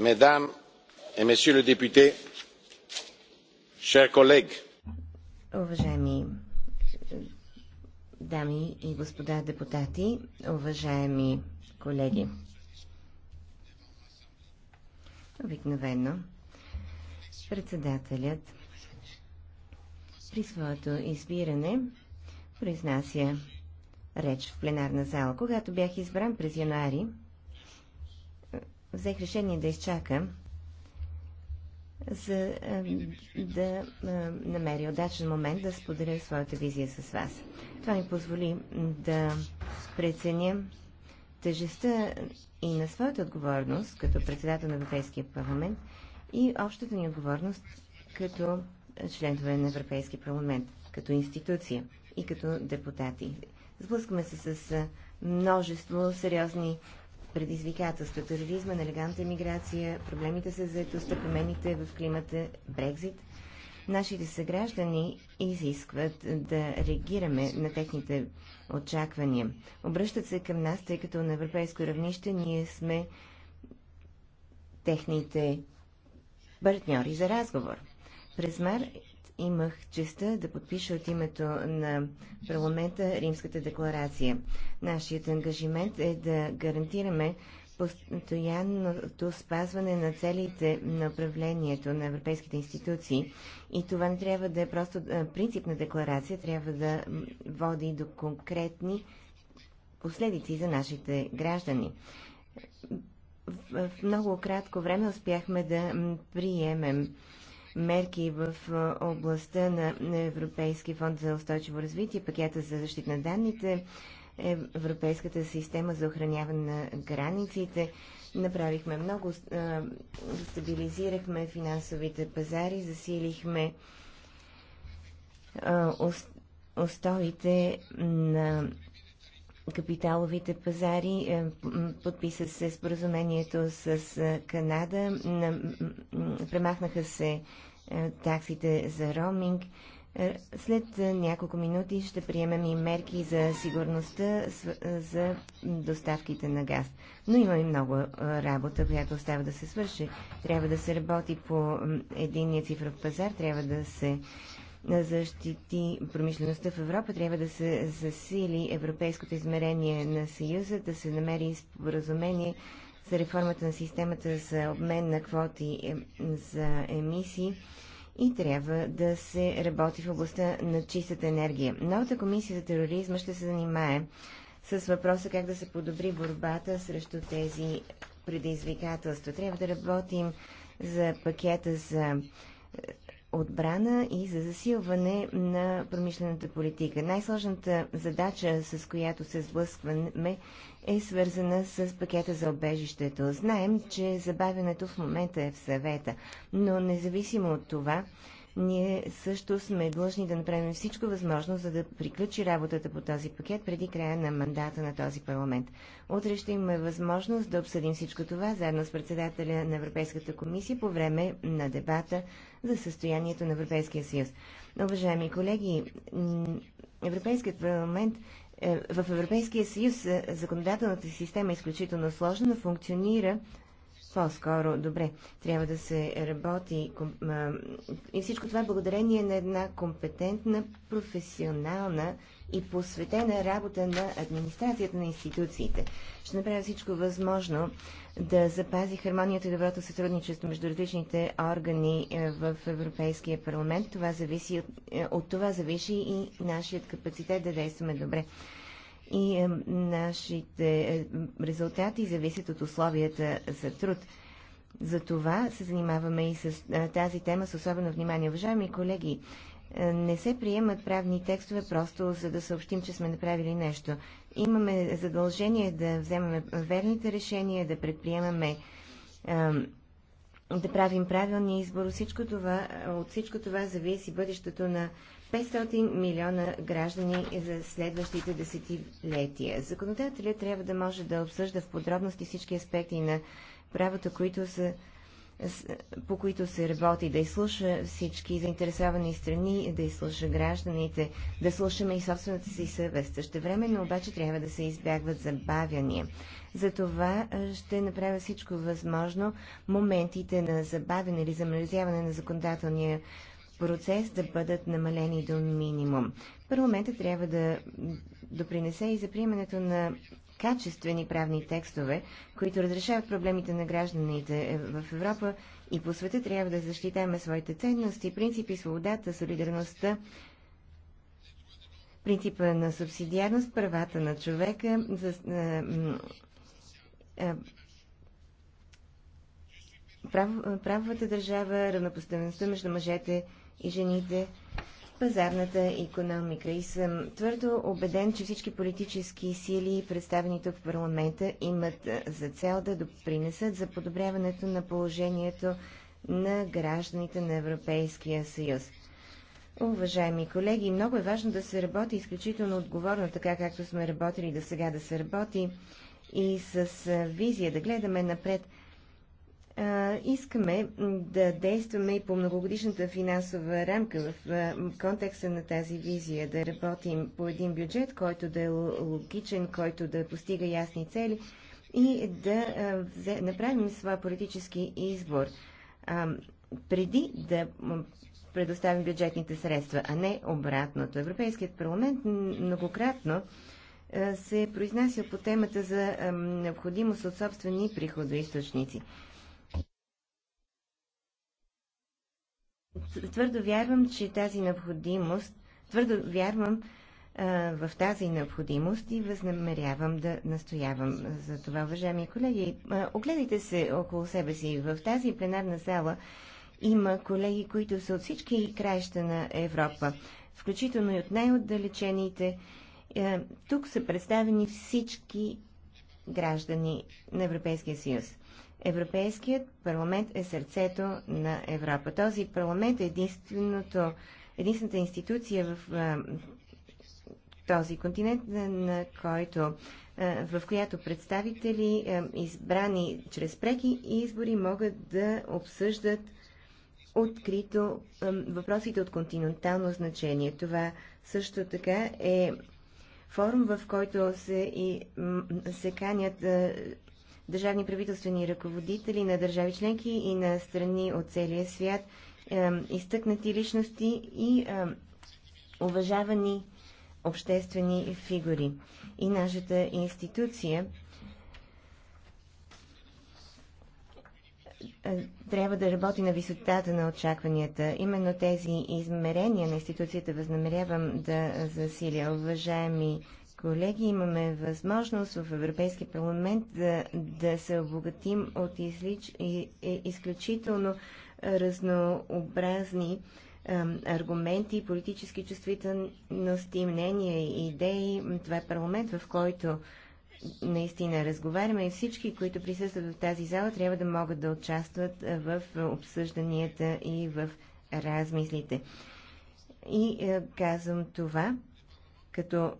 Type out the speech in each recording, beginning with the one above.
mesdames et messieurs les députés chers collègues уважаеми дами и господа депутати уважаеми колеги обикновено председателят при своето избиране произнася реч в пленарна зала. Когато бях избран през януари взех решение да изчакам, за да намеря удачен момент да споделя своята визия с вас. Това ми позволи да преценя тежестта и на своята отговорност като председател на Европейския парламент и общата ни отговорност като членове на Европейския парламент, като институция и като депутати. Сблъскваме се с множество сериозни предизвикателства – тероризма, нелегалната миграция, проблемите с заедостта, промените в климата, Брекзит, нашите съграждани изискват да реагираме на техните очаквания. Обръщат се към нас, тъй като на европейско равнище ние сме техните партньори за разговор. През мар имах честа да подпиша от името на парламента Римската декларация. Нашият ангажимент е да гарантираме постоянното спазване на целите на управлението на европейските институции. И това не трябва да е просто принципна декларация, трябва да води до конкретни последици за нашите граждани. В много кратко време успяхме да приемем мерки в областта на Европейски фонд за устойчиво развитие, пакета за защита на данните, Европейската система за охраняване на границите. Направихме много, стабилизирахме финансовите пазари, засилихме устоите на капиталовите пазари. Е, подписа се споразумението с е, Канада. Премахнаха се е, таксите за роуминг. След няколко минути ще приемем и мерки за сигурността за доставките на газ. Но има и много работа, която остава да се свърши. Трябва да се работи по единния цифров пазар, трябва да се защити промишлеността в Европа. Трябва да се засили европейското измерение на Съюза, да се намери споразумение за реформата на системата за обмен на квоти е, за емисии и трябва да се работи в областта на чистата енергия. Новата комисия за тероризма ще се занимае с въпроса как да се подобри борбата срещу тези предизвикателства. Трябва да работим за пакета за е, отбрана и за засилване на промишлената политика. Най-сложната задача, с която се сблъскваме, е свързана с пакета за обежището. Знаем, че забавянето в момента е в съвета, но независимо от това, ние също сме длъжни да направим всичко възможно, за да приключи работата по този пакет преди края на мандата на този парламент. Утре ще имаме възможност да обсъдим всичко това заедно с председателя на Европейската комисия по време на дебата за състоянието на Европейския съюз. Уважаеми колеги, Европейският парламент е, в Европейския съюз е, законодателната система е изключително сложна, но функционира по-скоро добре. Трябва да се работи и всичко това е благодарение на една компетентна, професионална и посветена работа на администрацията на институциите. Ще направя всичко възможно да запази хармонията и доброто сътрудничество между различните органи е, в Европейския парламент. Това зависи от, е, от това зависи и нашият капацитет да действаме добре и е, нашите е, резултати зависят от условията за труд. За това се занимаваме и с е, тази тема с особено внимание. Уважаеми колеги, е, не се приемат правни текстове просто за да съобщим, че сме направили нещо. Имаме задължение да вземаме верните решения, да предприемаме е, да правим правилния избор. Всичко това, от всичко това зависи бъдещето на 500 милиона граждани за следващите десетилетия. Законодателят трябва да може да обсъжда в подробности всички аспекти на правото, които са по които се работи, да изслуша всички заинтересовани страни, да изслуша гражданите, да слушаме и собствената си съвест. но обаче трябва да се избягват забавяния. Затова ще направя всичко възможно моментите на забавяне или замразяване на законодателния процес да бъдат намалени до минимум. Парламентът трябва да допринесе и за приемането на качествени правни текстове, които разрешават проблемите на гражданите в Европа и по света трябва да защитаваме своите ценности, принципи, свободата, солидарността, принципа на субсидиарност, правата на човека, за, а, а, прав, правовата държава, равнопоставеността между мъжете и жените пазарната економика. И съм твърдо убеден, че всички политически сили, представени тук в парламента, имат за цел да допринесат за подобряването на положението на гражданите на Европейския съюз. Уважаеми колеги, много е важно да се работи изключително отговорно, така както сме работили до сега да се работи и с визия да гледаме напред искаме да действаме и по многогодишната финансова рамка в контекста на тази визия, да работим по един бюджет, който да е логичен, който да постига ясни цели и да направим своя политически избор преди да предоставим бюджетните средства, а не обратното. Европейският парламент многократно се произнася по темата за необходимост от собствени приходоисточници. източници. Твърдо вярвам, че тази необходимост, твърдо вярвам а, в тази необходимост и възнамерявам да настоявам за това, уважаеми колеги. А, огледайте се около себе си. В тази пленарна зала има колеги, които са от всички краища на Европа, включително и от най-отдалечените. Тук са представени всички граждани на Европейския съюз. Европейският парламент е сърцето на Европа. Този парламент е единственото, единствената институция в а, този континент, на, на който, а, в която представители, а, избрани чрез преки избори, могат да обсъждат открито въпросите от континентално значение. Това също така е форум, в който се, и, се канят държавни правителствени ръководители на държави членки и на страни от целия свят, изтъкнати личности и уважавани обществени фигури. И нашата институция е, трябва да работи на висотата на очакванията. Именно тези измерения на институцията възнамерявам да засиля. Уважаеми Колеги, имаме възможност в Европейския парламент да, да се обогатим от излич, и, и, изключително разнообразни ам, аргументи, политически чувствителности, мнения и идеи. Това е парламент, в който наистина разговаряме и всички, които присъстват в тази зала, трябва да могат да участват в обсъжданията и в размислите. И е, казвам това като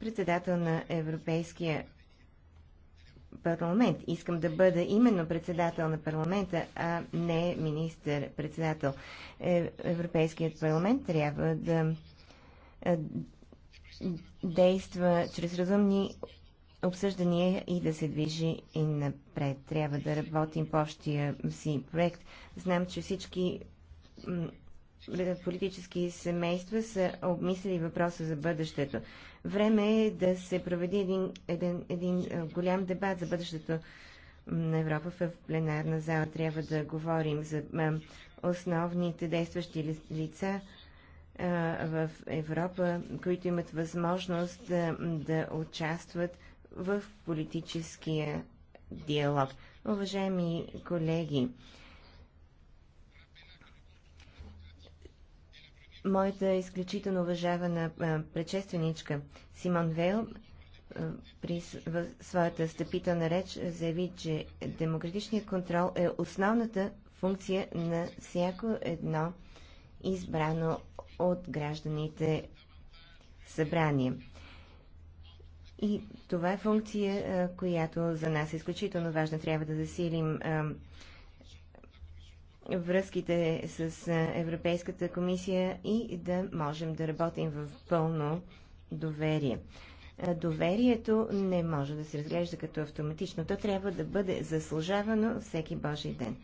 председател на Европейския парламент. Искам да бъда именно председател на парламента, а не министър-председател. Е, Европейският парламент трябва да е, действа чрез разумни обсъждания и да се движи и напред. Трябва да работим по общия си проект. Знам, че всички политически семейства са обмислили въпроса за бъдещето. Време е да се проведи един, един, един е, голям дебат за бъдещето на Европа в пленарна зала. Трябва да говорим за е, основните действащи лица е, в Европа, които имат възможност да, да участват в политическия диалог. Уважаеми колеги, моята изключително уважавана предшественичка Симон Вейл при своята стъпителна реч заяви, че демократичният контрол е основната функция на всяко едно избрано от гражданите събрание. И това е функция, която за нас е изключително важна. Трябва да засилим връзките с Европейската комисия и да можем да работим в пълно доверие. Доверието не може да се разглежда като автоматично. То трябва да бъде заслужавано всеки Божий ден.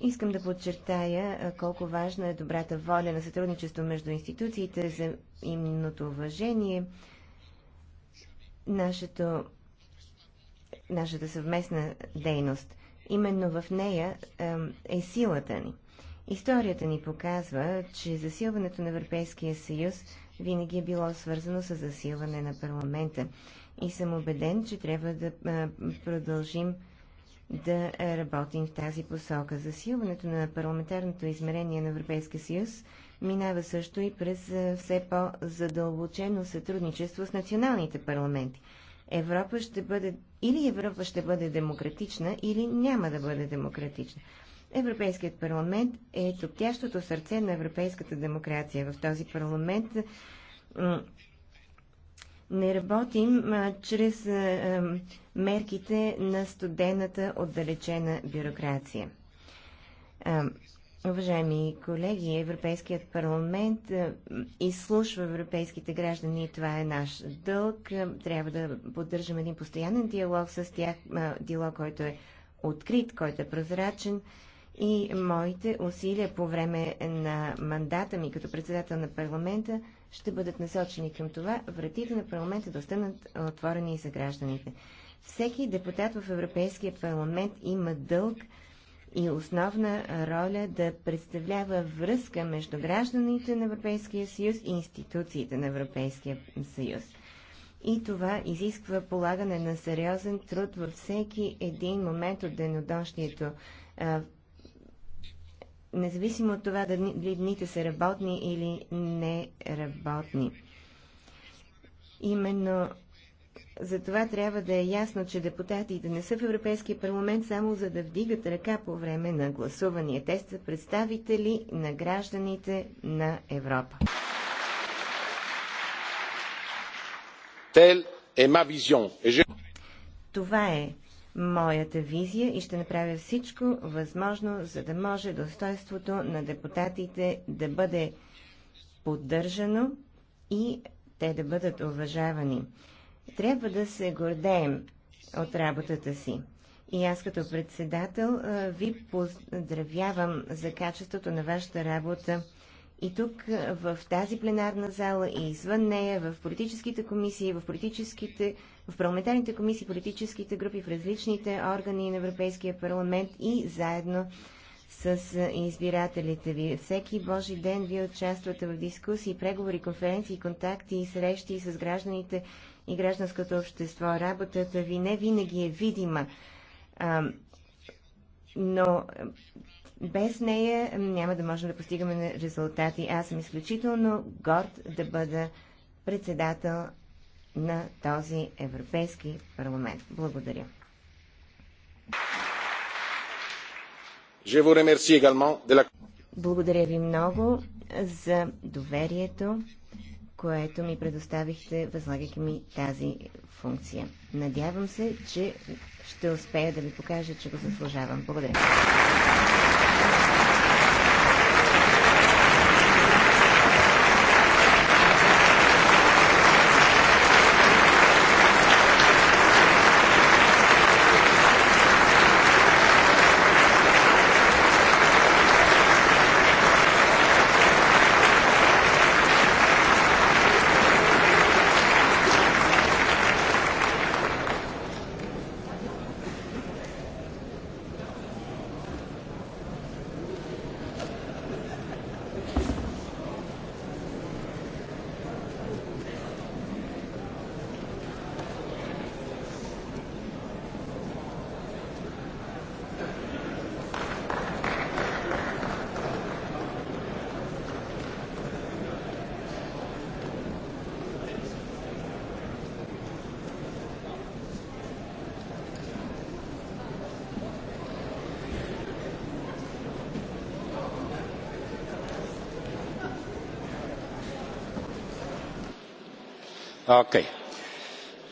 Искам да подчертая колко важна е добрата воля на сътрудничество между институциите за имното уважение, нашето, нашата съвместна дейност – Именно в нея е силата ни. Историята ни показва, че засилването на Европейския съюз винаги е било свързано с засилване на парламента. И съм убеден, че трябва да продължим да работим в тази посока. Засилването на парламентарното измерение на Европейския съюз минава също и през все по-задълбочено сътрудничество с националните парламенти. Европа ще бъде, или Европа ще бъде демократична, или няма да бъде демократична. Европейският парламент е топтящото сърце на европейската демокрация. В този парламент не работим а, чрез а, а, мерките на студената отдалечена бюрокрация. А, Уважаеми колеги, Европейският парламент е, изслушва европейските граждани. Това е наш дълг. Е, трябва да поддържаме един постоянен диалог с тях, е, диалог, който е открит, който е прозрачен. И моите усилия по време на мандата ми като председател на парламента ще бъдат насочени към това вратите на парламента да останат отворени и за гражданите. Всеки депутат в Европейския парламент има дълг и основна роля да представлява връзка между гражданите на Европейския съюз и институциите на Европейския съюз. И това изисква полагане на сериозен труд във всеки един момент от денодощието. Независимо от това дали дните са работни или неработни. Именно затова трябва да е ясно, че депутатите не са в Европейския парламент само за да вдигат ръка по време на гласувания. Те са представители на гражданите на Европа. Това е моята визия и ще направя всичко възможно, за да може достоинството на депутатите да бъде поддържано и те да бъдат уважавани. Трябва да се гордеем от работата си. И аз като председател ви поздравявам за качеството на вашата работа и тук в тази пленарна зала и извън нея, в политическите комисии, в политическите, в парламентарните комисии, политическите групи, в различните органи на Европейския парламент и заедно с избирателите ви. Всеки Божи ден вие участвате в дискусии, преговори, конференции, контакти и срещи с гражданите и гражданското общество. Работата ви не винаги е видима, а, но без нея няма да можем да постигаме резултати. Аз съм изключително горд да бъда председател на този Европейски парламент. Благодаря. Благодаря ви много за доверието, което ми предоставихте, възлагайки ми тази функция. Надявам се, че ще успея да ви покажа, че го заслужавам. Благодаря.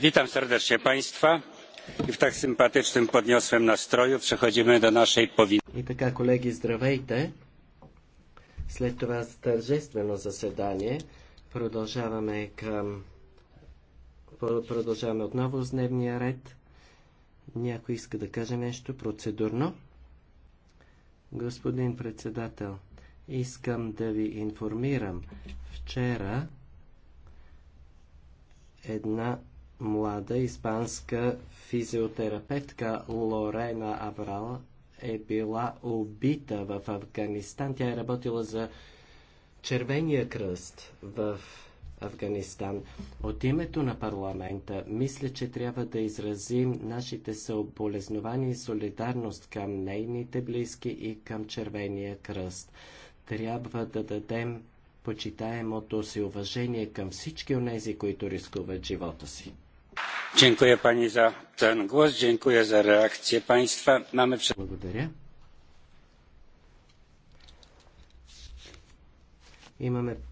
Witam serdecznie Państwa. I w tak sympatycznym podniosłym nastroju przechodzimy do naszej powinności. продължаваме отново с дневния ред. Някой иска да каже нещо процедурно? Господин председател, искам да ви информирам. Вчера една млада испанска физиотерапевтка Лорена Абрала е била убита в Афганистан. Тя е работила за Червения кръст в Афганистан. От името на парламента мисля, че трябва да изразим нашите съболезнования и солидарност към нейните близки и към Червения кръст. Трябва да дадем почитаемото си уважение към всички онези, които рискуват живота си. Dziękuję pani za ten głos, dziękuję za reakcję państwa. Mamy przed... Благодаря. Имаме